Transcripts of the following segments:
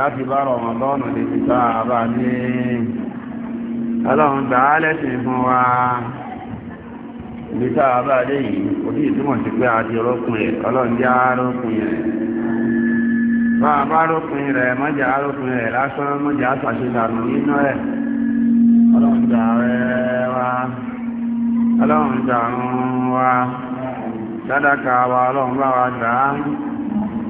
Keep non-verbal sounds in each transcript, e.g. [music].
láti bá rọ̀mọ̀lọ́nù lè fi bá àbá ní ọlọ́run gbà á lẹ́sìn fún wa ibi tá a bá dé yìí òbí ìtumọ̀ sí pé a di orókùn rẹ̀ ọlọ́run jẹ́ arókùn rẹ̀ bá a bá rókùn rẹ̀ mọ́jà arókùn rẹ̀ lásán mọ́jà àṣàṣedànù nínú rẹ̀ ọlọ́run gbà rẹ̀ wá ọlọ́run gbà rún wa sádàkà wa ọlọ́run bá wa gbà á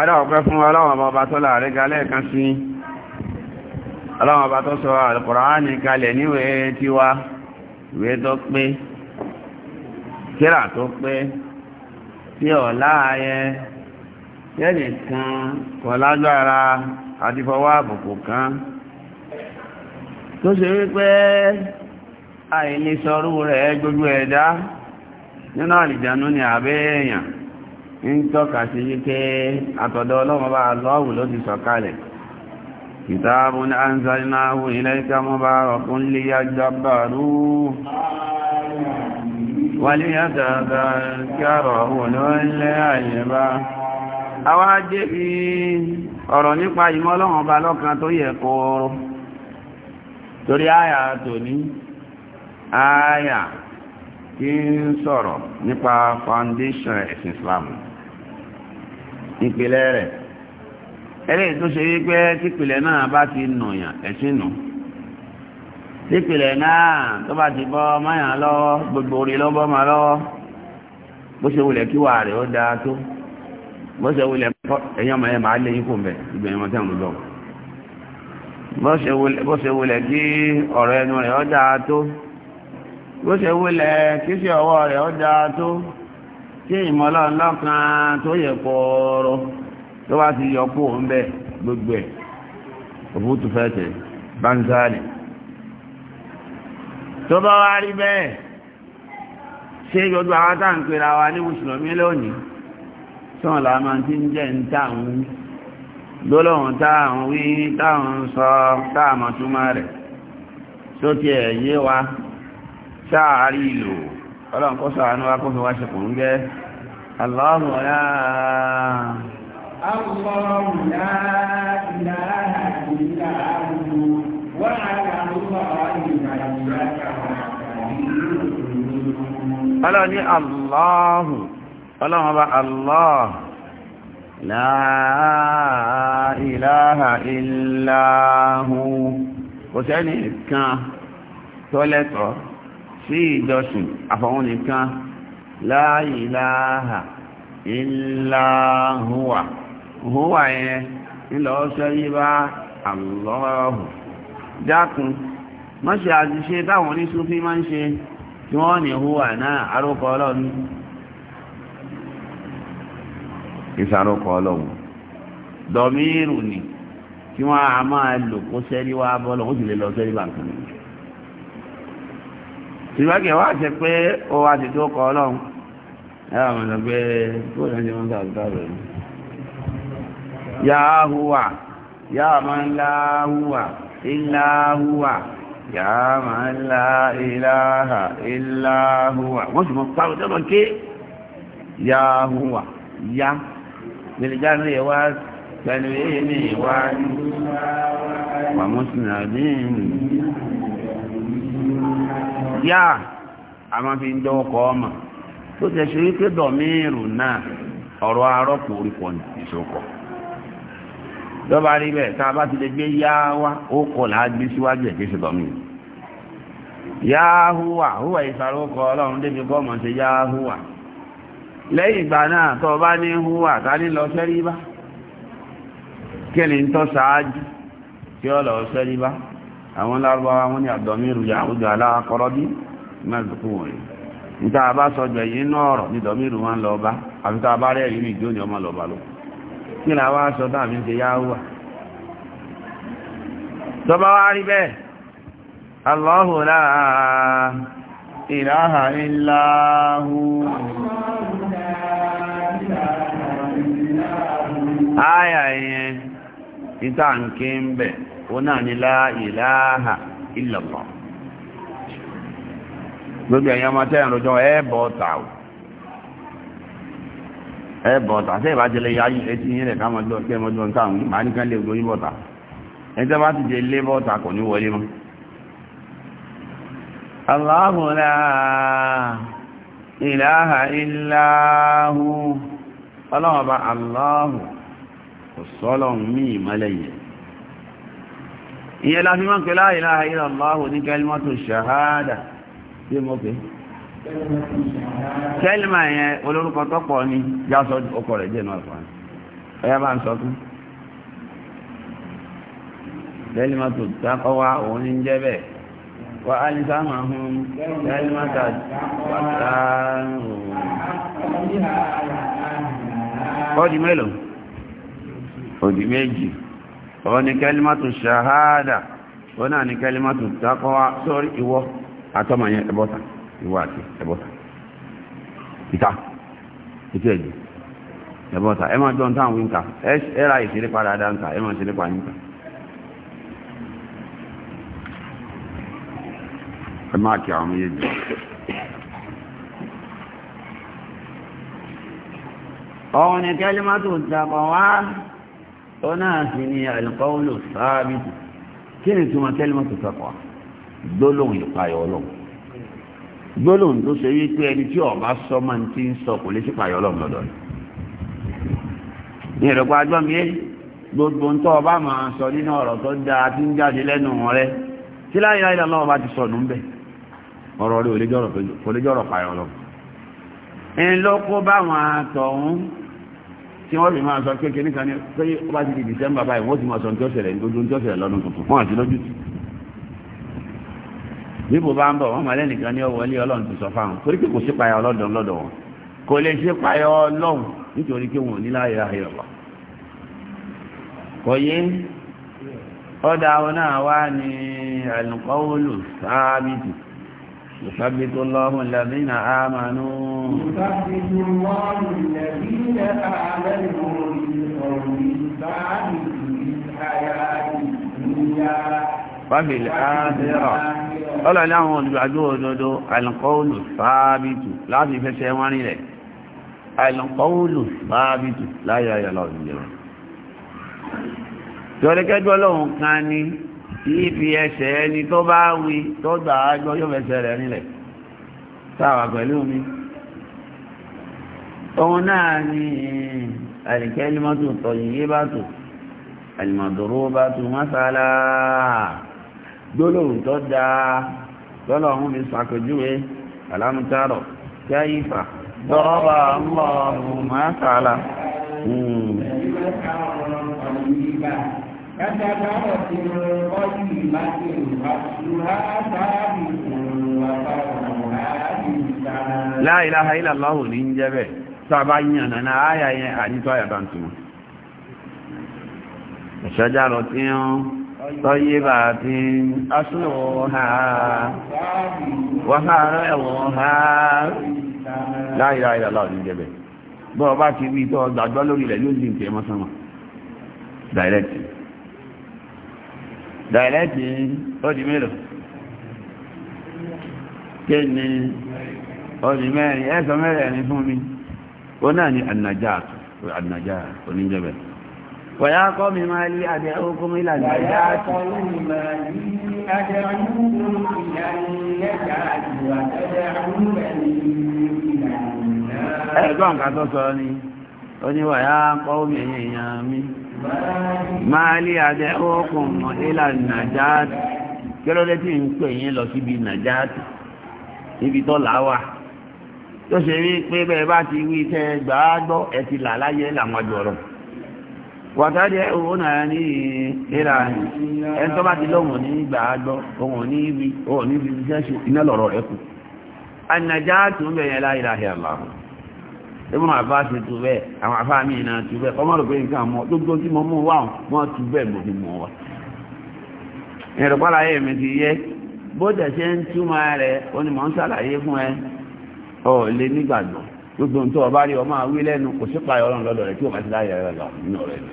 adáwọ̀pẹ́ fún ọlọ́wọ̀n ọba tó láàrin galẹ̀ kan sí ọlọ́wọ̀n ọba tó sọ Al-Qur'ani kalẹ̀ níwẹ̀ tí wá ìwé tó pé kíra tó pé tí ọ̀lá ayẹ tẹ́lẹ̀ kan kọlágbára àdífọwọ́ àbùkù kan tó ṣe wípé àìlèsọrú rẹ̀ gbogbo ẹ̀dá nínú àlìjánú ni àbẹ́ èèyàn ń tọ́ka sí wípé àtọ̀dọ̀ ọlọ́run bá lọ́wù ló ti sọ̀kalẹ̀ kitabun anzalnahu ilayka mubarakun liyadabbaru wa liyatadhakkara ulul albab àwọn ajé fi ọ̀rọ̀ nípa ìmọ̀ ọlọ́run ọba lọ́kan tó yẹ ń sọ̀rọ̀ nípa foundation Islam. Islam ìpìlẹ̀ rẹ̀ eléyìí tó ṣe wípé típìlẹ̀ náà bá ti nùyàn ẹ̀sìn típìlẹ̀ náà tó bá ti bọ́ mọ́yàn lọ́wọ́ gbogbo orí ló bọ́ lọ́wọ́ bó ṣe wulẹ̀ kí wàá rẹ̀ ó dáa tó bó ṣe wulẹ̀ ẹ̀yàn ọmọ ẹ̀ máa lé yín kò ìgbẹ̀yìn lọ. bó ṣe wulẹ̀ kí ọ̀rọ̀ ẹnu rẹ̀ ó tó bó ṣe wulẹ̀ kí tí ìmọ̀lá ọlọ́kan tó yẹ kọ́ọ̀rọ̀ tó bá ti yọ ń bẹ gbogbo ẹ̀ òfútu fẹ́tẹ̀ bánzáàlì tó bá wá rí bẹ́ẹ̀ ṣé gbogbo àwọn tá wa ní mùsùlùmí lónìí sọ̀rọ̀ la máa ti ń jẹ́ ń tà ń wí lọ́lọ́run tá à ń wí tá à ń sọ tá à mọ̀ túmọ̀ rẹ̀ tó tiẹ̀ yé wa sáà rí lò ọlọ́run kó sàánú wa kó fi wá ṣe kò ń gẹ́ Allahu la Allahu la ilaha illa hu wa ala ọlọ́run ní Allahu ọlọ́run ọba Allah la ilaha illa kò sẹ́ni kan tó sí ìjọsìn àfọwọ́n nìkan la ilaha illa huwa huwa yẹn ńlọ sẹ́yí bá àlọ́hù dákun má ṣe àṣìṣe táwọn oníṣúfí máa ń ṣe tí wọ́n ní huwa náà arókọ ọlọ́run ìsàrókọ ọlọ́run dọ̀míìrù ni tí wọ́n a máa lò kó sẹ́rí wá bọ́lọ̀ ó sì lè lọ sẹ́rí bàǹkan nìyẹn ìbákẹ́ wá ṣe pé ó wá ti tó kọ ọlọ́run ẹ̀rọ àwọn ọ̀sán pé kó lọ́n ṣe wọ́n tà tó rẹ̀ yá hùwà yá máa ń lá hùwà ilá hùwà yá máa ń lá iláhà ilá hùwà wọ́n sì mọ pàrọ̀ tó lọ ké yá hùwà yá gbèlèjà ní ìwà pẹ̀lú èmi wà mọ́sùn a àwọn fi ń dọ́kọ̀ ọmọ tó tẹ̀ ṣe wípé dọ̀míìrù náà ọ̀rọ̀ arọ́pò orípọ̀ ìṣòkọ̀ lọ́ba rí bẹ́ẹ̀ tá a bá ti lè gbé yá wá ó kọ̀ là gbé síwájú ẹ̀ kí ṣe dọ̀míìrù yá húwà ìsàrókọ ọlọ́run débi ṣe lẹ́yìn ìgbà náà tó ni ṣáájú àwọn lárúbáwá wọn ni àdọ̀míru yàwójú aláàkọ́rọ́bí mẹ́sùkú wọ̀nyí níta bá sọjọ yìí náà ní dọ̀míru wọn lọ bá bá rẹ̀ yìí ni ọmọ lọ bá lọ kí là wá sọ dáàbí ń ṣe yáwó tọba wá rí bẹ́ẹ̀ Allahu la òun náà ni la ilaha illallah gbogbo ẹ̀yin ọmọ tẹ́ ìrọ̀jọ́ ẹ̀bọ̀ ọ̀tà ò ẹ̀bọ̀ ọ̀tà tẹ́ ìbájẹ́lẹ̀ yáyí etí yín rẹ̀ kámọ́jọ́ tẹ́ mọ́jọ́ ń táwọn máa nìkan lè gbóyún bọ̀tà ẹjọ́ bá ti jẹ́ ilé bọ̀tà kò ní wọlé mọ́ Allahu la ilaha ọlọ́run ọba Allahu kò mí ìmọ́lẹ̀ yẹn ìyẹn la fi máa ń pè la ilaha illallah ní kẹlímọ́tò ṣàhádà tí mo pè kẹlímà yẹn olórúkọ tọ́pọ̀ ni já sọ ọkọ̀ rẹ̀ jẹ́ náà fún bá ń sọ tún kẹlímọ́tò taqwa òun ní jẹ́ wà á ní sáà máa hun kẹlímọ́tò pàtàkì ó mélòó ó méjì. òun ni kẹlímọ́tù ṣàhádà òun náà ni kẹlímọ́tù takọ́wá sórí ìwọ atọ́mọ̀ yẹn ẹbọ́ta ìwọ àti ẹbọ́ta ìta ìtú ẹ̀jù ẹbọ́ta ẹ máa dọ́ntà àwọn ìta ẹ nka e padà dáńtà ẹ ọ̀nà sì ni alqawlu sáábìtì kí ni túmọ̀ kalimatu taqwa gbólóhùn ìpayọ̀ ọlọ́run gbólóhùn tó ṣe wípé ẹni tí ọba sọ máa ń ti ń sọ kò lè sí ìpayọ̀ ọlọ́run lọ́dọ̀ rẹ̀ ní ìrọ̀pá ajọ́ mi gbogbo ń tọ́ ọba máa sọ nínú ọ̀rọ̀ tó dáa tí ń jáde lẹ́nu rẹ̀ tí la ilaha illallah bá ti tí wọ́n fi máa sọ pé kíní kan ní pé ó bá ti di December báyìí wọ́n ti máa sọ ní tí ó ṣẹlẹ̀ ní gbogbo ní tí ó ṣẹlẹ̀ lọ́dún tuntun fún àti lójú tì. bíbo bá ń bọ̀ wọ́n máa lẹ́nìkan ní ọwọ́ ilé ọlọ́run ti sọ fáwọn torí pé kò sí payọ ọlọ́dọ̀ lọ́dọ̀ wọn kò lè ṣe payọ ọlọ́run nítorí pé wọn ò ní láyé ayé ọ̀la. kò yé ọ̀dà àwọn náà wá ní àlùkọ́wọ́lù sáábìtì يثبت الله الذين آمنوا يثبت الله الذين آمنوا بالقول الثابت في الحياة الدنيا وبالآخرة قال لهم البعدو دودو القول الثابت لا في فسيوان إليه القول الثابت لا يا يا الله يقول لك أجوالهم كاني kìí fi ẹsẹ̀ ẹni tó bá wí tó gbà á gbọ́ yóò fẹsẹ̀ rẹ̀ nílẹ̀ sáwà pẹ̀lú mi òun náà ni àlìkẹ́límọ́tò tọ̀yìnyé bá tò àlìmọ̀dòrò bá tò mọ́sálà gbólóhùn tó dáa lọ́lọ́ ọ̀hún mi sàkójúwe alámútárọ̀ kẹ́yìfà dọ́rọ́bà ńlọ́ọ̀hún mọ́sálà. Hmm. كتبت القيم فصلها La ilaha illallah ní ń jẹ́ bẹ̀ sábà yànnà náà áyà yẹn àdítọ́ àyàbá ń túnmọ̀. Ìṣọ́jà lọ tí ń tọ́yé bá ti ń aṣọ́wọ́ ha wáhá ẹ̀wọ̀ ha La ilaha illallah ní ń jẹ́ bẹ̀. Bọ́ọ̀ bá ti rí tọ́ gbàgbọ́ lórí rẹ̀ yóò dì ń tẹ́ Direct. dàìlẹ́tì ó di kí ni mẹ́rin ẹ́sọ mẹ́rin ẹni fún mi ó náà ni ànàjá oníjẹ́bẹ̀ wọ̀yá kọ́ mi máa lé àjẹ́ okùn ilà nàìjá àti ẹ̀gbọ́n kan tó sọ ni ó ní wọ̀yá kọ́ mi èèyàn mi máa lé adé ọkùn ìlà nàjáàtì kí tí ń pè lọ síbi nàjáàtì ibi tó là tó ṣe rí pé bẹ́ẹ̀ bá ti wí tẹ́ gbà á gbọ́ ẹ ti là láyé làwọn àjọrọ̀ wàtàdé owó náà ní ẹ̀ tó bá ti lóhùn ní gbà á gbọ́ ní ibi ní ibi ṣe iná lọ̀rọ̀ ànàjáàtì ń bẹ̀yẹn ebi wọn àfa ṣe tu bẹ́ẹ̀ àwọn àfa mi náà tu bẹ́ẹ̀ ọmọ rẹ pé nǹkan mọ gbogbo tí mo mú wá wọn tu bẹ́ẹ̀ mo fi mọ wa. ìrọ̀pára yẹ mi ti yẹ bó dẹ̀ ṣe ń túmọ̀ rẹ ó ní mò ń ṣàlàyé fún ẹ ọ lè nígbàgbọ́ gbogbo nǹkan tó o bá rí ọ máa wí lẹ́nu kò sí payọ̀ ọlọ́run lọ́dọ̀ rẹ tí o bá ti láyé rẹ lọ nínú rẹ ni.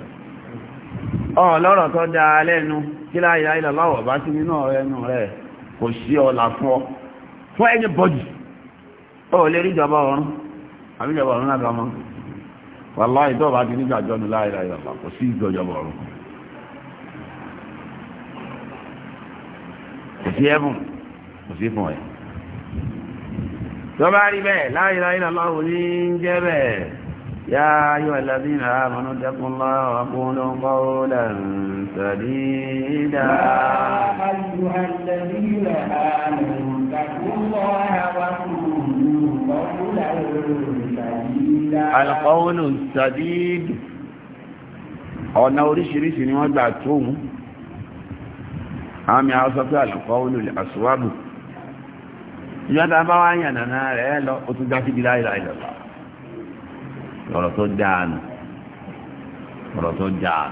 ọ lọ́rọ̀ tó da lẹ́nu kí láyé láyé lọ́wọ́ bá sí nínú rẹ nù rẹ kò sí ọ̀la fún ọ fún ẹni bọ́dì ọ lè rí ìjọba ọ̀run àbíjọba ọ̀run náà lọ́mọ wàlá ìdọ́ọ̀bá ti nígbàjọ́ ní láìra ìrọ̀lá kò sí ìjọjọba ọ̀run kò sí ẹ̀bùn kò sí fún ẹ̀ tọ́ba rí bẹ́ẹ̀ láìra ìrọ̀lá kò ní jẹ́ bẹ́ẹ̀ يا أيها الذين آمنوا اتقوا الله وقولوا قولا سديدا يا أيها الذين آمنوا اتقوا الله وقولوا قولا سديدا القول السديد ọ̀nà oríṣiríṣi ni wọ́n gbà tóhun àmì àwọn sọ pé àlùkọ́wọ́lù àṣùwádùn ìjọba bá wá yànnà náà rẹ̀ lọ ó tún já síbi láìláìlọ́lá ọ̀rọ̀ tó dáa nù ọ̀rọ̀ tó dáa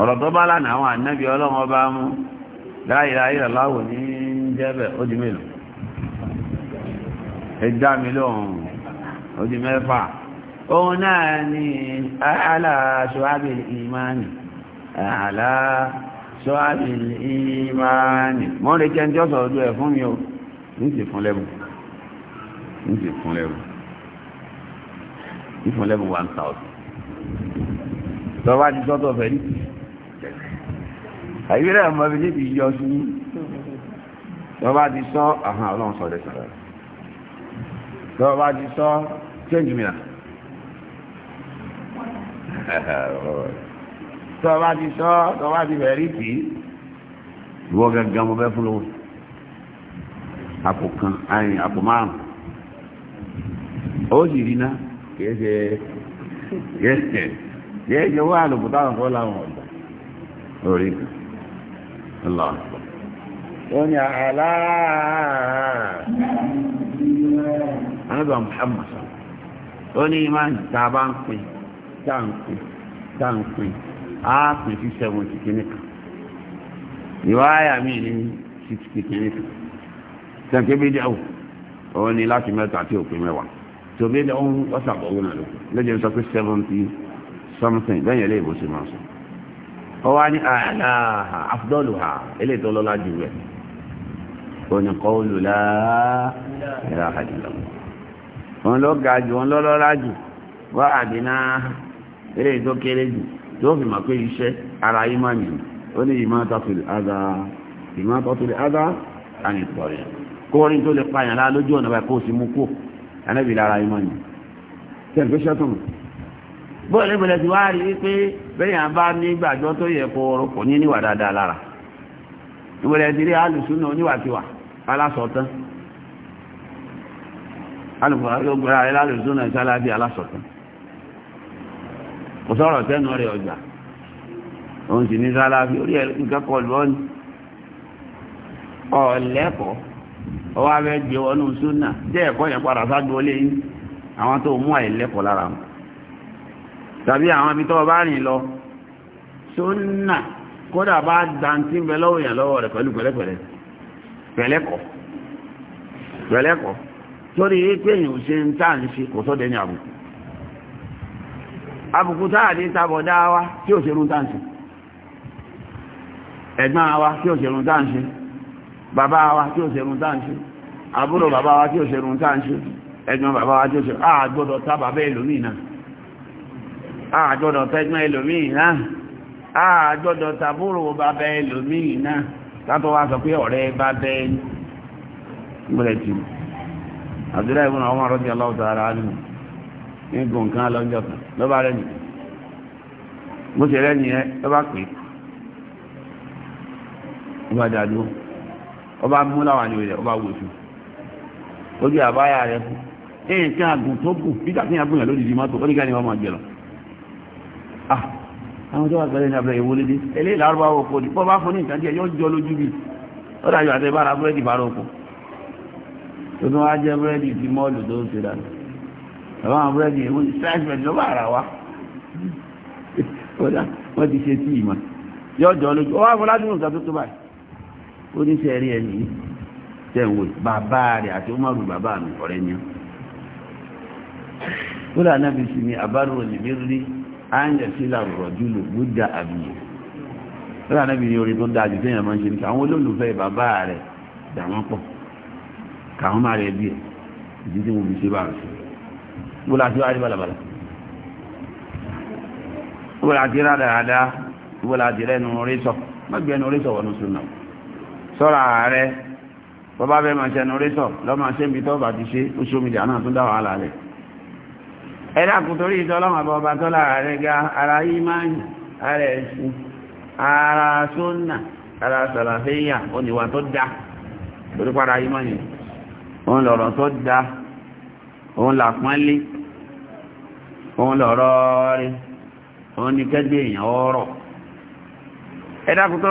ọ̀rọ̀ tó bá lánàá àwọn ànábì ọlọ́run ọba mú láyé láyé aláwò ní jẹ́bẹ̀ ó di mélòó ẹja mi lóhun ó di mẹ́fà òun náà ni aláṣọ́ábì ìmáàni aláṣọ́ábì ìmáàni mọ́ lè jẹ́ ń jọ́sọ̀ ọdún ẹ̀ fún mi ó ní ti fún lẹ́bù ní ti fún lẹ́bù ìfún lẹ́bùn one thousand tọ́wá ti sọ́tọ̀ fẹ́ ní àyíwẹ́rẹ́ ọmọ ibi níbi yọ sí ní tọ́wá ti sọ àhàn ọlọ́run sọ ọdẹ sọ̀rọ̀ tọ́wá ti sọ change mi náà tọ́wá ti sọ tọ́wá ti fẹ́ rí tì í ìwọ gangan mo bẹ́ fún lówó àpò kan àpò márùn-ún ó sì rí náà kìí ṣe kìí ṣe wá àlùkùtà àwọn kọ́ láwọn ọ̀dà orí Allah ó ní àlá anábà Muhammad ó ní máa ń ta bá ń pin tá ń pin tá ń pin á pin sí seventy kìíní kan ìwáyà mi ní sixty kìíní kan sànkébédé àwọn ni láti mẹ́ta àti òpin mẹ́wàá tó bí ọ̀hún ọ̀sàpọ̀ wọn lò lójú sọ pé seventy something lẹ́yìn ilé ìbòsí máa sọ. ó wá ní àlá afdọ́lù ha eléyìí tó lọ́lá jù rẹ̀ ó ní kọ́ọ̀lù láà ẹ̀rọ àdìlọ́. wọn lọ ga jù wọn lọ lọ́lá jù wá àdínà eléyìí tó kéré jù tó fi mọ̀ pé iṣẹ́ ara yìí máa nìyí ó ní ìmọ̀ tọ́tùlì ádá ìmọ̀ tọ́tùlì ádá àyìnkọ̀ọ̀yà kó orin tó lè pààyàn lá lójú ọ̀nà báyìí kó o sì mú kú anábì lára imọ́ ni tẹ̀gbẹ́sọ́tún bóyá níbẹ̀lẹ̀ ti wá rí i pé bẹ́yìn àbá ní gbàgbọ́ tó yẹ kó ọrọ̀ kò ní níwà dáadáa lára níbẹ̀lẹ̀ ti rí alùsùn náà oníwàtiwà alásọ̀tán alùsùn náà sálábí alásọ̀tán kò sọ̀rọ̀ tẹ́nu rẹ̀ ọjà òun sì ní sálábí orí ẹ̀ nǹkan kọlu ọ́ ni ọ̀lẹ́kọ̀ọ́ ọwọ́ abẹ́ gbé wọnú súnà jẹ́ ẹ̀kọ́ yẹn padà sáájú olé yín àwọn tó mú àìlẹ́kọ̀ọ́ lára wọn tàbí àwọn ibi tó bá rìn lọ súnà kódà bá dantí bẹ lọ́wọ́ yẹn lọ́wọ́ rẹ̀ pẹ̀lú pẹ̀lẹ́pẹ̀lẹ́ pẹ̀lẹ́kọ̀ pẹ̀lẹ́kọ̀ torí pé èyàn ò ṣe ń tà ń ṣe kò sọ́dẹ̀ ní àbùkù àbùkù táàdé tabọ̀dá wa tí ò ṣe rún tà ń ṣe ẹ̀gbọ́n wa tí ò ṣe rún tà ń ṣe bàbá wa tí ó ṣerun tá ń ṣe àbúrò bàbá wa tí ó ṣerun tá ń ṣe bàbá tí ó ṣerun a tá bàbá ẹlòmíì náà a ẹlòmíì a tàbúrò bàbá ẹlòmíì náà wá sọ pé ọ̀rẹ́ bá bẹ́ gbọ́dẹ̀ tì àdúrà àwọn ọmọ rọ́bì aláwọ̀ tààrà ní gbọ̀ǹkan lọ́jọ́ kan rẹ̀ nìyẹn bó ṣe rẹ̀ nìyẹn pè é ó bá ọba mú láwọn àníwò rẹ̀ ọba wò fún ojú àbáyà rẹ̀ fún ẹ̀yìn kí àgùn tó gùn bí kàkíyà gùn yàn lódìdí mọ́tò ó ní káni wọ́n máa jẹ lọ. Ah, àwọn tó wà pẹ̀lú ní abẹ́rẹ́ ìwọlé dé eléyìí lárúbá wọ kò ní bọ́ bá fún ní nǹkan díẹ̀ yóò jọ lójú bí ó dájú àti ìbára búrẹ́dì bá rọ̀ kù tó tún wá jẹ́ búrẹ́dì tí mọ́ọ̀lù tó ṣe dànù bàbá àwọn búrẹ́dì ìwọ sáìsìmẹ̀tì ló bá ara wa [laughs] wọ́n ti ṣe tíì mọ́ yóò jọ lójú ó wá fọlá ó ní sẹ́ rí ẹni tẹ̀wé bàbá rẹ̀ àti Umaru bàbá mi ọ̀rẹ́ ni ó là náà fi sí ni àbárò òlìmí rí áńjẹ sílà rọ̀jú lò gbúdà àbíyè ó là náà fi ní orin tó dáa jù sẹ́yìn àmọ́ ṣe ní káwọn olólùfẹ́ bàbá rẹ̀ dà wọ́n pọ̀ káwọn má rẹ̀ bí ẹ̀ ìdí tí mo fi ṣe bá rẹ̀ sí ó là ti wá balabala ó là ti rádàrádà ó là ti rẹ́nu orí sọ má gbẹ́nu orí sọ wọnú sùn náà sọ́ra rẹ bọ́bá bẹ́ẹ̀ máa ṣẹnu rétọ̀ lọ́mọ ṣe ń bi tọ́ bá ti ṣe oṣù mídíà náà tún dá wàhálà rẹ̀ ẹ̀dá kò torí ìtọ́ lọ́mọ bọ́ba tọ́ lára rẹ̀ ga ara yìí máa ń ara ẹ̀sìn ara sọ́nà ara sàlàfíyà oníwà tó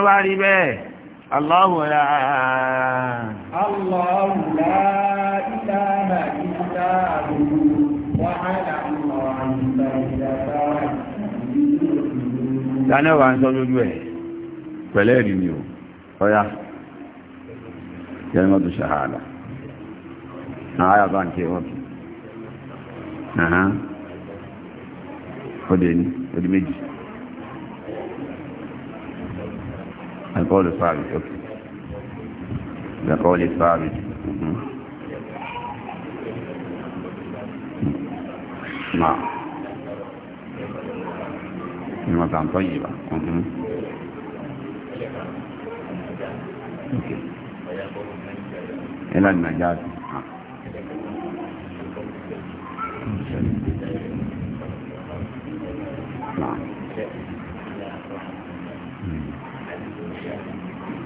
bá rí bẹ́ẹ̀ الله لا الله لا إله إلا هو وعلى الله فليتوكل Tani ọ̀rọ̀ àṣọ lójú ẹ̀ pẹ̀lẹ́ ìrìn ni ò, ọya, jẹ́rìmọ́ tó ṣàhàdà, ààyà bá ń kí ọ̀kì. Àhán, ó dé ní, ó القول الثابت اوكي القول الثابت نعم مطعم طيبة اوكي إلى النجاة نعم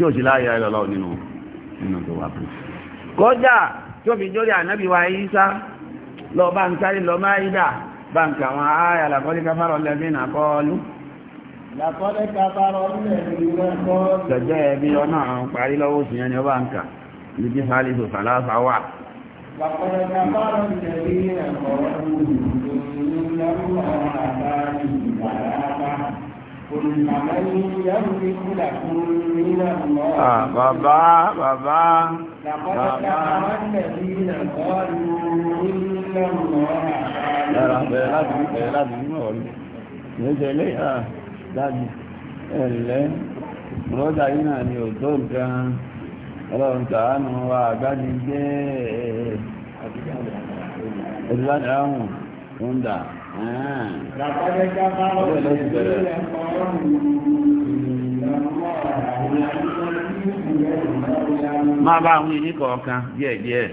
tí ò sí láàyè ayọ̀lọ́ nínú nínú tó wà pé. kọjá tí ó fi jórí ànábì wa Ìsá lọ bá ń sáré lọ máa ìdá bá ń kàwọn ààyà làkọ́lé káfàrọ̀ lẹ́mìnà kọlu. làkọ́lé káfàrọ̀ lẹ́mìnà kọlu. lọ́jọ́ ẹbí ọ̀nà àwọn parí lọ́wọ́ sí ẹni Ah, bàbá, bàbá, bàbá. Yàrá bẹ̀rẹ̀ láti bẹ̀rẹ̀ láti nínú ọ̀rọ̀. Ìyẹ́jẹ̀ ilé ìhà dájú ẹ̀lẹ́. Rọ́jà yìí náà ni òjò nǹkan. Ọlọ́run tàánù wa àgbájú jẹ́ ẹ̀ẹ́dẹ́gbẹ̀rẹ̀. Wọ́ndà. Ah. Máa bá àwọn ìní kọ̀ọ̀kan díẹ̀díẹ̀.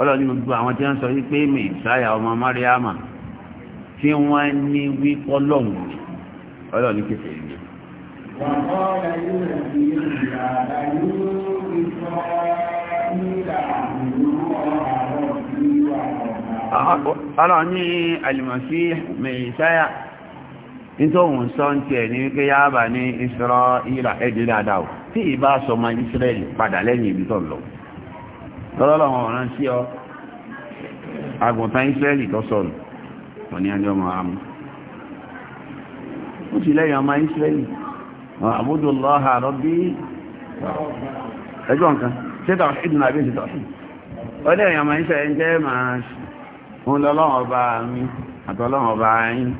Ọlọ́ni gbogbo àwọn tí wọ́n sọ wípé mi ìsáyà ọmọ Máríàmà tí wọ́n ní wípọ́ lọ́wọ́ ọlọ́ni kẹfẹ́ ìgbẹ̀. Wọ́n ọlọ́run ní al-Masih Mèsáyà nítòhùn sọ ti ẹ̀ ní wípé yá bà ní Ísírẹ́lì ẹ̀dì dáadáa o tí ìbá sọ ma Ísírẹ́lì padà lẹ́yìn ibi tó lọ lọ́lọ́lọ́wọ́n ọ̀rán sí ọ ẹjọ́ nǹkan ṣé tàwọn ṣídùn àbí ṣe tàwọn ṣídùn ọlẹ́yìn ọmọ Ísírẹ́lì jẹ́ máa ń lọ́lọ́wọ́ ọba mi àtọ́lọ́wọ́ ọba yín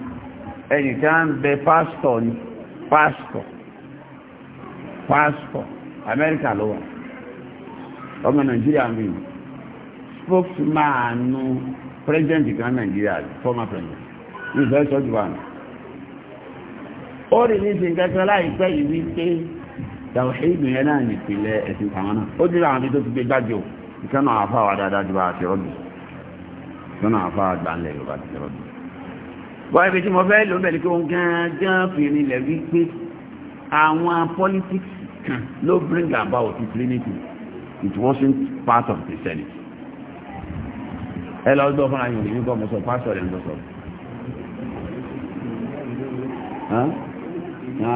ẹnìkan ń bẹ pásítọ̀ ni pásítọ̀ pásítọ̀ amẹ́ríkà ló wà ọmọ nàìjíríà mi spokesman nu president kan nàìjíríà former president ní ìfẹ́ sọ́jú wa ó rí ní sin kẹsàn láìpẹ́ yìí wípé tàwíìdù yẹn náà nìpìlẹ̀ ẹ̀sìn tàwọn náà ó dúró àwọn ibi tó ti gbé gbájú ìkànnà àfáwà dáadáa ju bá àti ọdún lọ́nà àfa àgbà ńlẹ̀ yorùbá ti lọ́wọ́ bí. bọ́ ibi tí mo fẹ́ lò bẹ̀rẹ̀ kí wọ́n gángan fi rinlẹ̀ wípé àwọn politics kan ló bring about trinity it wasn't part of the senate. ẹ lọ gbọ́ fúnra yìí nígbà mo sọ pásítọ̀ rẹ̀ ń sọ.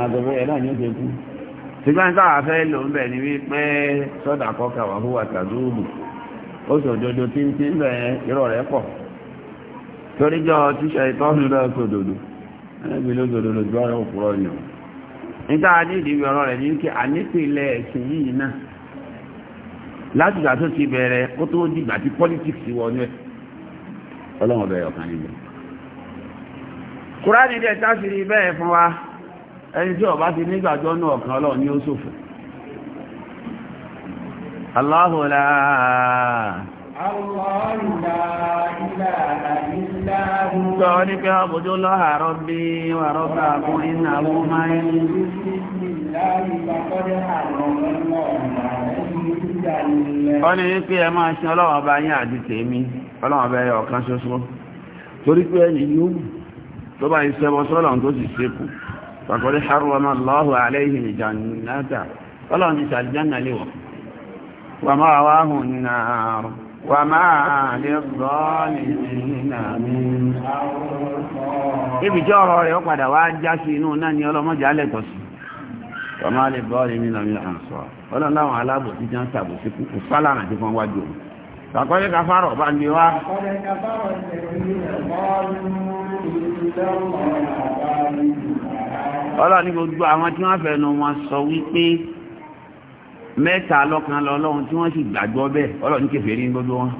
àgbẹ̀fẹ́ ẹ̀ náà ní ó ṣe kú. ṣùgbọ́n táwa fẹ́ lò ń bẹ̀ ni wípé sọ́dà kọ́kà wà fún wàtà lóògùn. ó tí ń ti ń bẹ̀rẹ̀ irọ́ rẹ̀ pọ̀ torí jọ tíṣà ìtọ́nù náà kò dòdò ló dòdò jọ ọ̀rọ̀ òpùrọ̀ ni o níta ibi ọ̀rọ̀ rẹ̀ ní kí ẹ̀sìn yìí náà láti ìgbà tó ti bẹ̀rẹ̀ kó tó dìgbà tí wọnú ẹ̀ bẹ́ẹ̀ fún wa ẹni tí ọba ti nígbàjọ́ náà ọ̀kan ọlọ́run الله لا الله لا إله إلا هو ذلك أعبد الله ربي وربكم إنه من بسم الله فقد حرم الله ó ní pé ẹ máa ṣe ọlọ́wọ́ ọba yín àti tèmi ọlọ́wọ́ ọba ẹyọ kan ومأواهم النار وما للظالمين من ibi jẹ́ ọ̀rọ̀ rẹ̀ ó padà wá já sí inú náà ni ọlọ́mọjà lẹ́tọ̀ sí ọmọ alẹ́ bọ́ọ̀lì nínú mi à ń sọ ọlọ́run láwọn alábòsí jẹ́ ń sàbòsí kúkú sálàrà tí wọ́n wájú gbogbo àwọn tí wọ́n fẹ́nu wọn sọ wípé mẹ́ta lọ́kan lọ lọ́hun tí wọ́n sì gbàgbọ́ bẹ́ẹ̀ ọlọ́run kẹfẹ́ rí gbogbo wọn.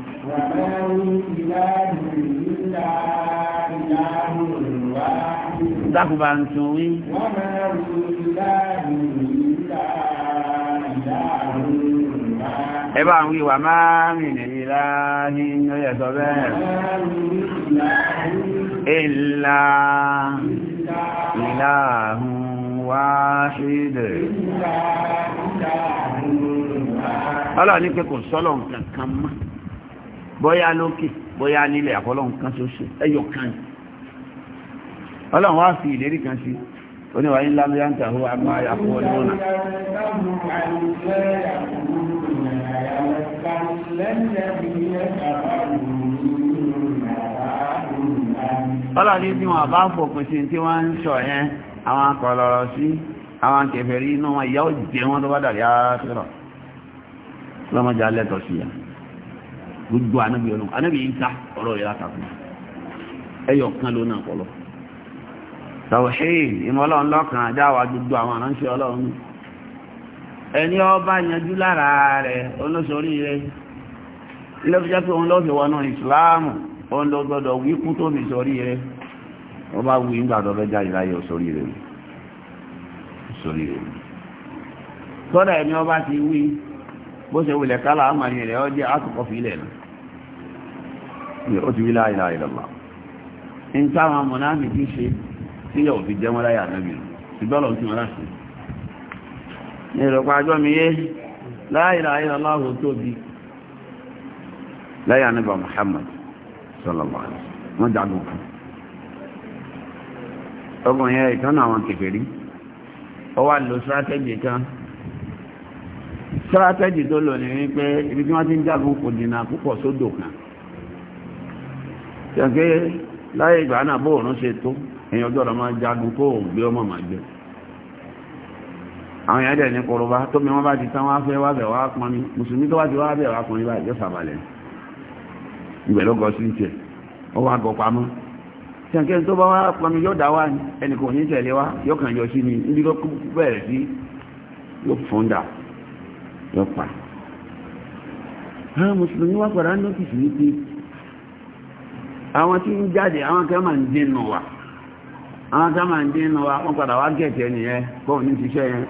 dákun bá ń tún wí. ẹ bá ń wí wà máa rìn ní ìlà ní ọyẹ sọ bẹ́ẹ̀. ìlà ìlà wáṣídẹ̀. ọlọ́run ní pé kò sọ́lọ̀ nǹkan mọ́ bóyá lókè bóyá nílẹ̀ àfọlọ́ nǹkan ṣoṣo ẹyọ kan ọlọ́run wá fi ìlérí kan sí oníwà yín lámú yá ń tàhó àmọ́ ọdún ọlọ́run ní bí wọn bá fòpin sí tí wọ́n lọ́mọdé alẹ́ tọ̀ sí ya gbogbo anabi anabi yìí ń ta ọ̀rọ̀ ẹyọ kan ló náà kọlọ. tawhid ìmọ̀ ọlọ́run lọ́kàn adáwà gbogbo àwọn aránṣẹ́ ọlọ́run ẹni ọba yanjú lára rẹ̀ olóṣorí rẹ̀ ilé fi jẹ́ pé òun wọnú ìsìláàmù òun ló gbọ́dọ̀ tó ọba wí ń gbàdọ̀ fẹ́ jáde láyé rẹ̀ sórí rẹ̀ ọba ti wí bó ṣe wulẹ̀ kálà àmàrí rẹ̀ ọ jẹ́ fi ilẹ̀ nù ó ti la táwọn mọ̀nàmì kí ṣe tí yóò fi jẹ́ wọn láyà ṣùgbọ́n lọ́n ti wọn láṣẹ ní ìrọ̀pá ajọ́ mi yé Muhammad sallallahu alaihi strategy tó lò ní wípé ibi tí wọ́n ti ń jagun kò dìnnà púpọ̀ sódò kan ṣàgbé láyé ìgbà náà bóòrùn ṣe tó èyàn ọjọ́ ọ̀rọ̀ jagun òun gbé ọmọ máa gbé àwọn èèyàn ní kọrọba tó mi wọ́n bá ti tán wá fẹ́ wá bẹ̀ wá mùsùlùmí tó wá ti wá bẹ̀ wá báyìí yóò yọ sí níbi yọ pa àwọn mùsùlùmí wá padà nọ́tìsì wípé àwọn tí ń jáde àwọn kan máa ń dénú wa àwọn kan máa ń dénú wa wọ́n padà wá gẹ̀ẹ́tẹ̀ nìyẹn kọ́ ní ṣiṣẹ́ yẹn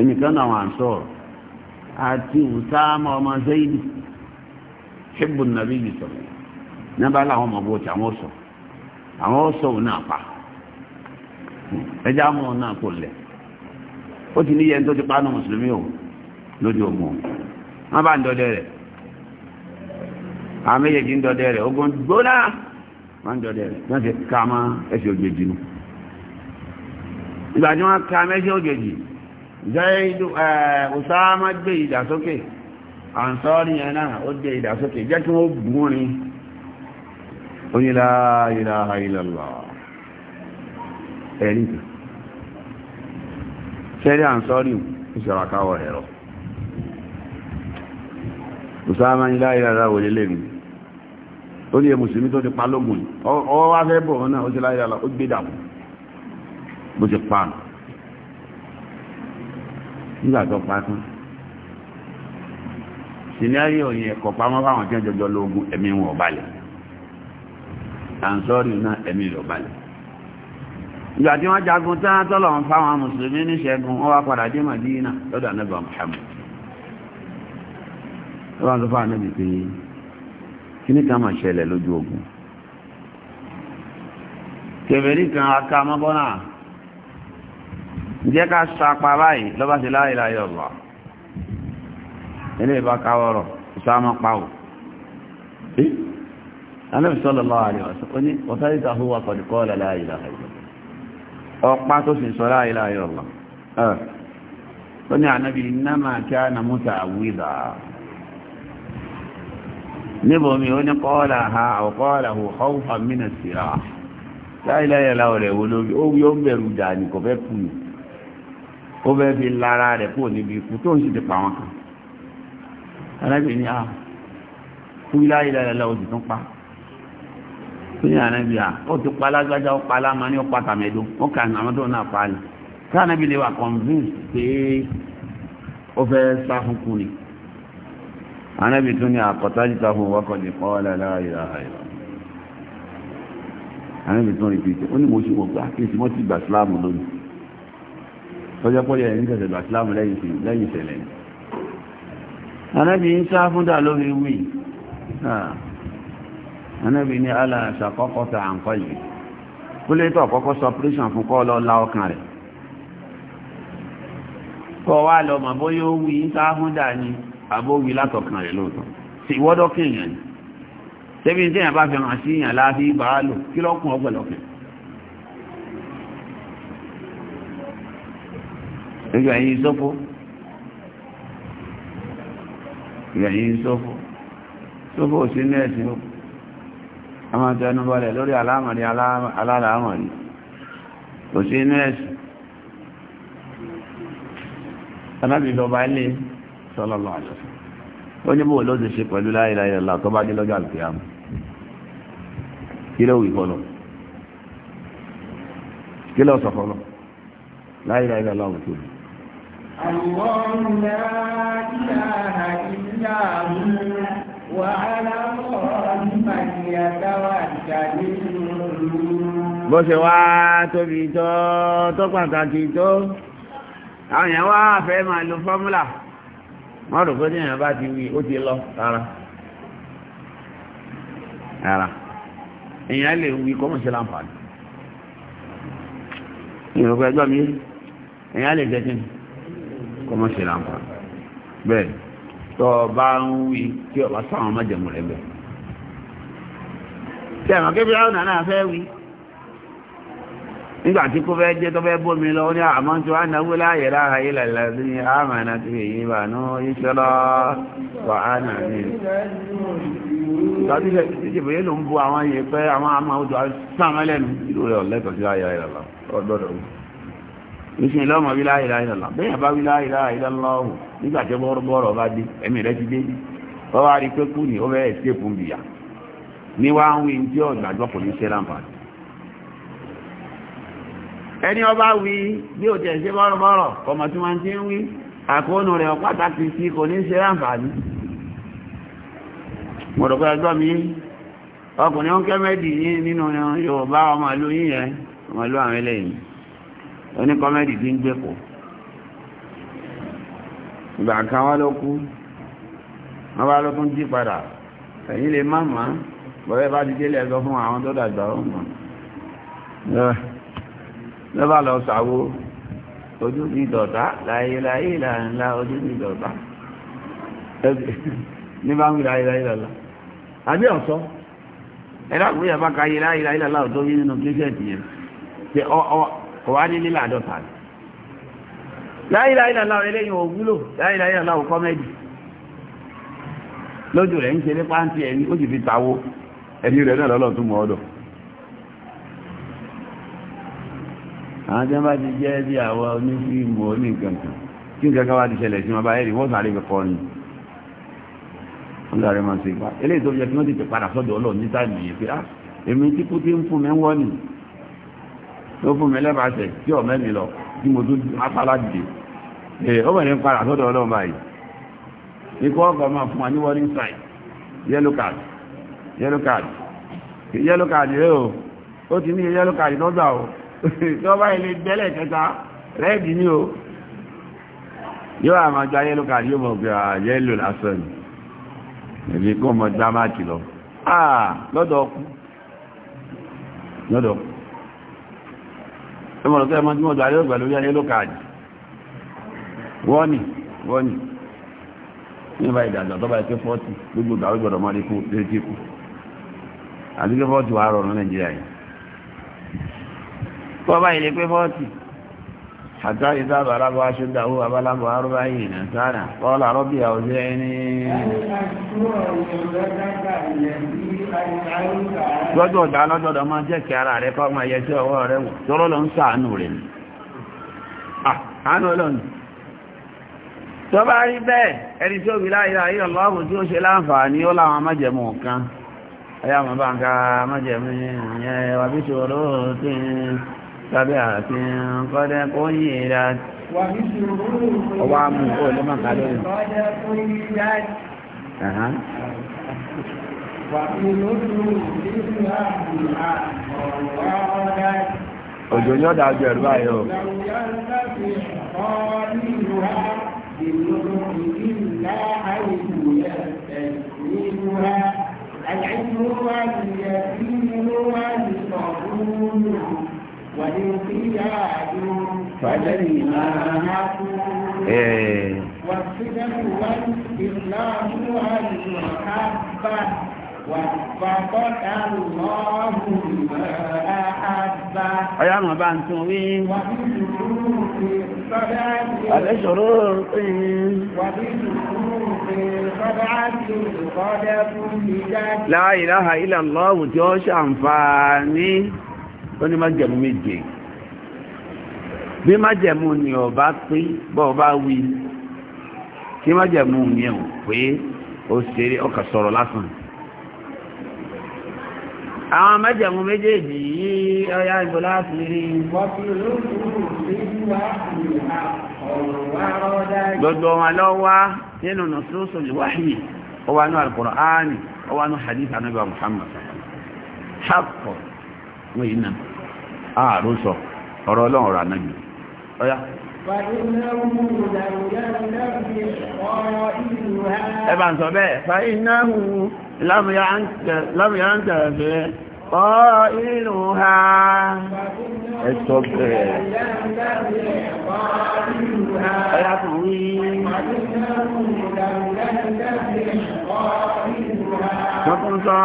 ẹnìkan náà wọ́n sọ àti ọmọ ṣẹ́bùn nàbí ọmọ àwọn àwọn òun náà pa ẹjá mọ́ òun náà kò ó ti níyẹn tó ti pánú mùsùlùmí o lójú ogun wọ́n bá ń dọdẹ rẹ̀ àwọn méjèèjì ń dọdẹ rẹ̀ ogun gbóná wọ́n ń dọdẹ rẹ̀ wọ́n ti ka mọ́ ẹsẹ̀ òjèjì nù ìgbà tí wọ́n ka mẹ́sẹ̀ òjèjì zaidu usama gbé ìdà sókè ansọ́rí yẹn náà ó gbé ìdà sókè jẹ́ kí wọ́n gún ni onílà ilaha illallah ẹ̀rí kan ṣẹ́rí àǹsọ́rí ìṣọ̀ràkáwọ̀ ẹ̀rọ ìsáàmà ilá ìrara wòlé lẹ́nu ó ní ẹmùsùlùmí tó ti pa lógun ọwọ́ wá fẹ́ bọ̀ náà ó ti láyé ara ó gbé dàmú bó ti pa nígbà tó pa tán sìnì ayé òyìn ẹ̀kọ́ pamọ́ fáwọn tí wọ́n jọjọ lógun ẹ̀mí wọn ò balẹ̀ àǹsọ́rí náà ẹ̀mí rẹ̀ ìgbà tí wọ́n jagun tí wọ́n tọ́lọ̀ ń fáwọn mùsùlùmí ní ṣẹ́gun wọ́n wá padà dé Màdínà lọ́dọ̀ anábà Muhammad lọ́wọ́n tó fáwọn anábì pé kí ní ká máa ṣẹlẹ̀ lójú ogun kèfèrí kan aka mọ́bọ́nà ǹjẹ́ ká sapa báyìí lọ́ba sí láyé láyé ọ̀lá ilé ìbá káwọ́rọ̀ ìsámọ́ pawò anábì sọ́lọ́ lọ́wọ́ àríwá sọ ó ní ọ̀tá ìtàhùwà kọ̀dùkọ́ ọ̀lá láyé láyé ọpá tó sì sọ la ilaha illallah ó ní ànábì innama kana muta'awwidha níbòmí ó ní kọ́ọ̀lá ha ọ̀kọ́ọ̀lá hù khawfan min as-silah la ilaha illallah rẹ̀ wo lórí ó wí ó ń bẹ̀rù dà ní ah, kò fún yàrá bí a o ti pa alágbájá o pa aláma ní ó pa tàmẹ́dó ó kà ní àwọn tó na pa ni káàná bí lè wà convince pé ó fẹ́ sá fún kù ni anábì tún ní àkọ́tájú ta fún wọ́kọ̀ lè pọ́ lálá ìlà ìlà anábì tún rí pété o ní mo ṣe wọ̀gbà kí n sì mọ́ ti gbà síláàmù lónìí tọ́jọ́ pọ́jọ́ ẹ̀ ń tẹ̀sẹ̀ gbà síláàmù lẹ́yìn ìṣẹ̀lẹ̀ anábì ń sá dà lórí wíì anábì ní aláṣà kọ́kọ́ fẹ́ àǹkọ́ yìí kó lè tọ́ kọ́kọ́ sọ pírísàn fún kọ́ lọ la ọkàn rẹ̀ kọ́ wá lọ mà bóyá ó wí a dà ní àbówí látọkàn rẹ̀ lóòótọ́ sí ìwọ́dọ̀ kéèyàn ni tẹ́bí tí èèyàn bá fi hàn sí èèyàn láti bàá lò kí lọ́kùn ọgbẹ̀lọ́kẹ̀ ìgbà yìí sọ́fọ́ ìgbà yìí sọ́fọ́ sọ́fọ́ sí ní ẹ̀sìn ọkùn a máa tẹnu bọ́lẹ̀ lórí aláàmàrí aláàmàrí kò sí inú ẹ̀sì alábìlọba ilé sọ́lọ́lọ́ àṣọ ó ní bóò ló ti ṣe pẹ̀lú láìláì lọ́la tó bá dé lọ́jọ́ àlùkìyàmù kí ló wù ìfọlọ́ kí ló sọ fọlọ́ láìláì lọ́la òkú mi. الله لا إله إلا هو وعلى bó ṣe wá tóbi tó tó pàtàkì tó àwọn èèyàn wá fẹ́ máa lo fọ́múlà wọ́n rò pé ní èèyàn bá ti wí ó ti lọ rárá rárá èèyàn lè wí kọ́mọ̀ ṣe láǹfààní ìrọ̀pẹ́ ẹgbẹ́ mi èèyàn lè jẹ́ kí kọ́mọ̀ ṣe láǹfààní bẹ́ẹ̀ tó bá ń wí tí ọba sáwọn májẹ̀mú rẹ̀ bẹ́ẹ̀ tẹ̀wọ̀n kébí ráùnà náà fẹ́ wí nígbà tí kó fẹ́ jẹ́ tó fẹ́ bómi lọ ní àmọ́ tí wọ́n náwó láàyè láha ilẹ̀ lẹ́sí ní àmàna tí èyí bà ní ìṣọ́lọ́ wà á nà ní ìtọ́jú ìṣèbòye ló ń bu àwọn yìí pé àwọn àmà òjò sàmẹ́lẹ́nu ìlú rẹ̀ lẹ́tọ̀ọ́ sí láyà ìlàlá ọgbọ́dọ̀ ìṣìn lọ́mọ bí láyà ìlàlá bẹ́ẹ̀ bá wí láyà ìlàlá ọ̀hún nígbà tí bá dé ẹ̀mí rẹ̀ ti dé wọ́n wá rí pé kú ni ó fẹ́ escape ń bìyà ní wá ń wí tí ọ̀gbàgbọ́ kò ní ṣe láǹfààní ẹni ọba wí bí ò tẹ̀ ṣe bọ́rọ̀bọ́rọ̀ kọmọ tí wọ́n ti ń wí àkóónù rẹ̀ pàtàkì sí kò ní ṣe láǹfààní mọ̀rọ̀kọ́ ẹgbọ́ mi ọkùnrin ń kẹ́mẹ́dì nínú Yorùbá ọmọ ìlú yìí yẹn ọmọ ìlú àwọn eléyìí oní kọ́mẹ́dì tí ń gbé kò ìgbà kan wá ló kú ẹ̀yìn lè má máa bọ̀rẹ́ bá ti délé ẹ̀sọ́ fún àwọn tó dàgbà ọ̀hún lọ́bà lọ sàwó ojú ti dọ̀tá láyé láyé ìlànà ńlá ojú ti dọ̀tá ní bá ń wí láyé láyé lọ́la àbí ọ̀sọ́ ẹ̀rọ àgbéyà bá ka yé láyé láyé lọ́la ò tó rí nínú kírísẹ̀tì yẹn ṣe ọ̀wá ní nílà àdọ́ta rẹ̀ láyé láyé lọ́la eléyìí ò wúlò láyé láyé lọ́la ò kọ́mẹ́dì lójú rẹ̀ ń ṣe ní pàǹtí ẹni ó sì fi tàwó ẹni rẹ̀ náà lọ́lọ́ tún mọ́ ọ̀dọ̀ àwọn tí wọ́n bá ti jẹ́ bí àwọn onífíìmù oníkankan kí n kankan wá ti ṣẹlẹ̀ sí wọn bá ẹ̀rí wọ́n sáré fi kọ́ ni wọ́n sáré máa ṣe pa eléyìí tó yẹ kí wọ́n ti padà sọ́dọ̀ ọlọ́ọ̀ ní táìmù yìí pé ah èmi tí kú ti ń fún mi ń wọ́n nì tó fún mi lẹ́bàáṣẹ̀ tí ọ̀mẹ́ mi lọ tí mo tún apálá dìde ẹ̀ ọmọdé ń padà sọ́dọ̀ ọlọ́ọ̀ báyìí ikọ́ ọkọ̀ máa fún wa ní warning sign yellow card yẹ́lò káàdì yẹ́lò káàdì rẹ̀ o ó ti ní yẹ́lò káàdì lọ́gbà o lọ́bá ilé gbẹ́lẹ̀ kẹta rẹ́ẹ̀dì ní o yóò àmàjá yẹ́lò káàdì yóò mọ̀ pé à yẹ́lò lásán ni èmi kó mọ̀ já má kìlọ̀ ah lọ́dọ̀ ọkú lọ́dọ̀ ọkú ẹmọ̀rọ̀ tẹ́ mọ́ tí wọ́n darí ọgbà lórí yẹ́lò káàdì wọ́n ni wọ́n ni ní bá ìdàgbà tó bá ẹ̀kẹ́ 40 gbogbo ìgbà ó gbọ́dọ̀ mọ́ ní kú létí kú àti pé fọ́ọ̀tì wà rọrùn nàìjíríà yìí ilé pé fọ́ọ̀tì àtà ìta bàrábà aṣọ́dáwó abálábọ̀ arúgbá nà sára kọ́lá rọ́bì àwùjọ ẹni. lọ́jọ́ ọ̀dà lọ́jọ́dọ̀ máa jẹ́ kí ara rẹ̀ yẹ sí ọwọ́ lọ ń rẹ̀ ah, àánú bẹ́ẹ̀ ẹ̀yà mọ̀ bá ń ka májẹ̀mú ìyẹn wà bí ṣòro tí ń tàbí àti kọ́dẹ́ kó yí ìdá ọwọ́ amú kó lè má kàdé rẹ̀. Òjò ni ó dá ọjọ́ ẹ̀rú báyìí o. Ìlú ìlú ìlú ìlú العلم هو اليقين هو الصبور والانقياد فالإيمان والصدق والإخلاص والمحبة وفقد الله ما أحب أيها ما بأنتم وين وفي شروط الصلاة الشروط La ilaha illallah tí ó ṣàǹfààní ó ní májẹ̀mú méje. Bí májẹ̀mú ni ọba pé bọ́ bá wí, kí májẹ̀mú mi ò pé ó ṣeré ọkà sọ̀rọ̀ lásán àwọn mẹ́jẹ̀mú méjèèjì yìí ọya ìbò láti rí gbogbo wọn lọ wá nínú nususul wahyi ó wà ní alkùránì ó wà ní hadith Ànábì Muhammad ṣàpọ̀ wọ́n yìí náà àrùsọ ọ̀rọ̀ ọlọ́run ọ̀rọ̀ ànábì ọ̀yá ẹ bá ń sọ bẹ́ẹ̀ fa ináhùn lámìyà ń tẹ̀lẹ̀ ọ inú ha ẹ̀tọ́ bẹ̀rẹ̀ ọ̀yá tó wí Wọ́n sọ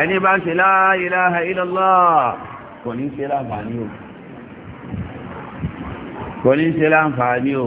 ẹni bá ṣe la ilaha illallah kò ní ṣe láǹfààní o.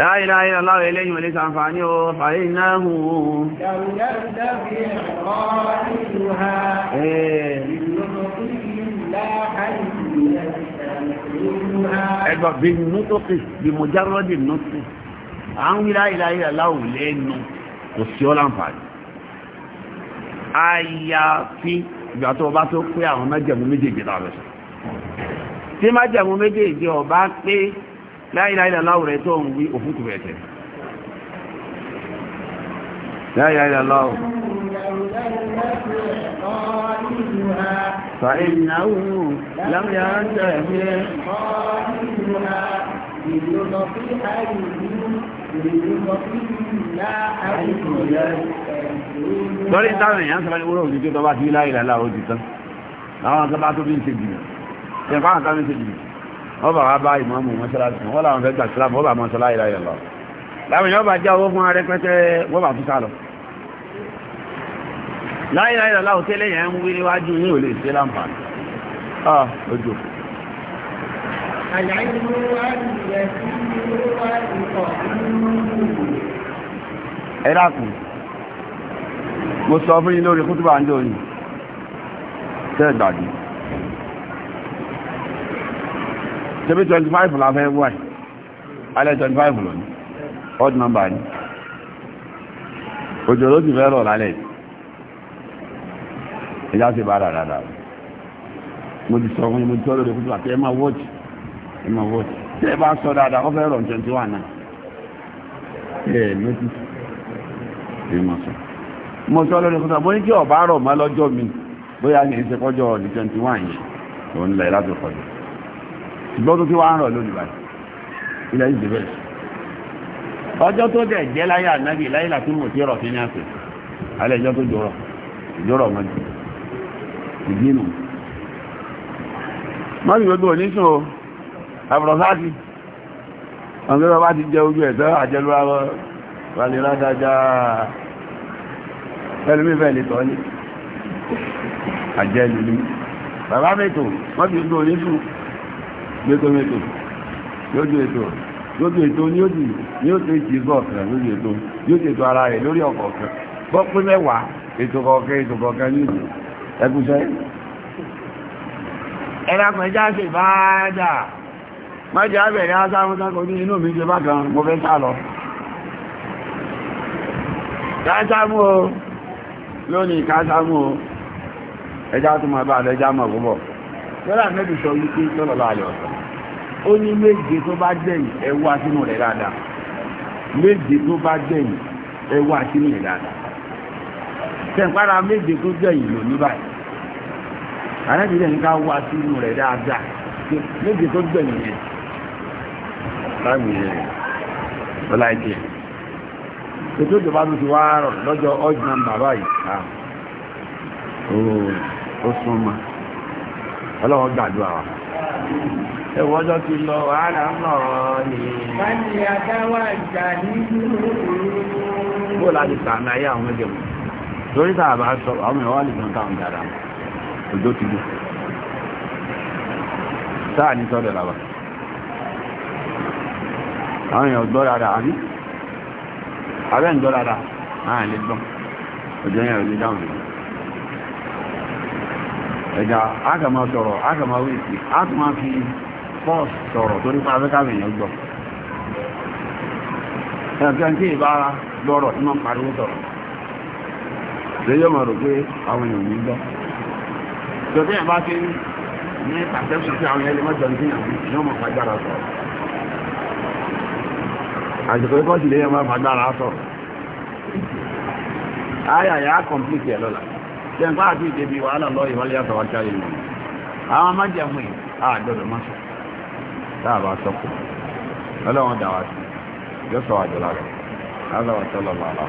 láìláì aláwọ̀ ẹlẹ́yìn olè sàǹfàní o fàyí náà hù ohun ẹgbà bí nútókì bí mo járọ́dì nútì a ń wí láìláì aláwọ̀ lẹ́nu ìgbà tó bá tó pé àwọn májẹ̀mú méjèèjì láàrẹ̀ sí májẹ̀mú méjèèjì ọba pé láìláìláwò rẹ̀ tó ń wí òfútù rẹ̀ tẹ̀ láìláìláwò فإنه لم ينتهي قائدها ليلطفي Lórí ìtàrin ìyàn sọ́rọ̀ ìwúrò òjì tí ó tọ́bá sí láìlà láàrùn òjì tán, àwọn àtọ́bá tó bí ń ṣe jìnà, ẹ̀fà àtàrí ń ṣe jìnà wọ́n bá wá bá ìmọ̀ọ́mù mọ́ṣáláṣí wọ́n làwọn fẹ́ gbà sílámù wọ́n bá mọ́ṣáláṣí láyé lọ láwọn èèyàn bá já owó fún arẹ́pẹ́tẹ́ wọ́n bá tún sálọ láyé láyé lọ́la ò tẹ́lẹ̀ yẹn ń wí níwájú yín ò lè ṣe láǹfààní ah ojú. ẹ dákun mo sọ fún yín lórí kútùbà ń lò tẹ́ ẹ̀ gbàdúrà tẹ́bí 25 la fẹ́ wáyé alẹ́ 25 lọ ní odd number ní òjò ló ti fẹ́ rọ̀ lálẹ́ ìyá sí bá rárá mo ti sọ fún mo ti tọ́lọ́ ìkútù àti ẹmà wọ́ọ̀tì ẹmà wọ́ọ̀tì tẹ́ ẹ bá sọ dáadáa ó fẹ́ rọ̀ 21 náà ẹ̀ mẹ́tì ìmọ̀ sọ mo sọ lórí ìkútù àbóyí kí ọ̀bá rọ̀ mọ́ lọ́jọ́ mi bóyá ní ìṣẹ́kọ́jọ́ 21 yìí òun lẹ̀ láti kọjọ́ ṣùgbọ́n tó ti wá ń rọ̀ lónìí báyìí ilẹ̀ yìí dìbẹ̀ ọjọ́ tó dẹ̀ jẹ́ láyé ànábì láyé láti mò tí rọ̀ sí ní àṣẹ alẹ́ ìjọ tó jọrọ̀ ìjọrọ̀ mọ́ ni ìdínú má sì gbogbo oníṣò àbùrọ̀sáàtì ọ̀gbẹ́rọ̀ bá ti jẹ ojú ẹ̀tọ́ àjẹlú àwọn wàlẹ̀ ládájá ẹlùmífẹ́ lè tọ́ àjẹlú ní bàbá mẹ́tò má sì gbogbo oníṣò lẹ́tọ́ mẹ́tọ́ lójú ètò lójú ètò ní òjì ní òtò ìtì bọ̀ ọ̀kan lójú ètò lójú ètò ara rẹ̀ lórí ọ̀kọ̀ọ̀kan bọ́ pé mẹ́wàá ètò kọ̀ọ̀kan ètò kọ̀ọ̀kan ní òjì ẹkùsẹ́ ẹ̀rọ̀pẹ̀ já ṣe bá dà mọ́jẹ́ abẹ̀rẹ̀ asáfúnsákọ̀ ní inú mi ṣe bákan mo fẹ́ sá lọ kásámú o lónìí kásámú o ẹjá tó máa bá àlẹ́já mọ̀ púpọ̀ lọ́la nẹ́bí sọ wípé lọ́lọ́lá àlẹ́ ọ̀sán ó ní méje tó bá gbẹ̀yìn ẹ wá sínú rẹ̀ dáadáa méje tó bá gbẹ̀yìn ẹ wá sínú rẹ̀ dáadáa tẹ̀ǹpára méje tó gbẹ̀yìn lò ní báyìí àrẹ́bí rẹ̀ ń ká wá sínú rẹ̀ dáadáa méje tó gbẹ̀yìn yẹn láàmì yẹn lọ́la ẹ̀jẹ̀ ètò ìjọba tó ti wá rọ̀ lọ́jọ́ ọ̀jọ̀ bàbá yìí ó súnmọ́ ọlọ́run gbàdúrà wa ẹwọ́ ọjọ́ ti lọ wàhálà ń lọ̀rọ̀ ni. báyìí àtàwọn àjà nínú òru. bó láti sàmì ayé àwọn ẹgbẹ́ wọn torí tá a bá sọ àwọn ẹ̀wọ́ àlejò táwọn dára òjò ti dùn sáà ní sọ́dọ̀ làwà àwọn èèyàn gbọ́ rárá àbí àbẹ́ ń gbọ́ rárá àwọn àlejò òjò yẹn ò ní dáhùn ẹ̀dá ágàmà sọ̀rọ̀ ágàmà wíìsì átùmá fi pọ́ọ̀sì sọ̀rọ̀ torí pa afẹ́kàwé yẹn gbọ́ ẹ̀kẹ́ tí ìbára lọ́rọ̀ tí wọ́n pariwo sọ̀rọ̀ lẹ́yọ́ mọ̀ rò pé àwọn èèyàn ní gbọ́ tọ́tẹ́ ẹ̀ bá ti ní perception tí àwọn ẹlẹ́mọ̀ jọ ní yọ́n mọ̀ fagbára sọ̀rọ̀ àjẹ̀kọ́ ikọ́ sì lẹ́yọ́ mọ̀ fagbára sọ̀rọ̀ ayà yà á ẹ̀ lọ́la jẹ́nfà àti ìdèbí wàhálà lọ ìwálé àtàwájá ìlú àwọn májẹ̀mú yìí àgbẹ̀rẹ̀ má sọ dáàbà sọ́kù ọlọ́wọ́n dàwà sí yóò sọ àjọ lára lára wà sọ́lọ́ bàbá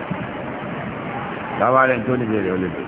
dáwà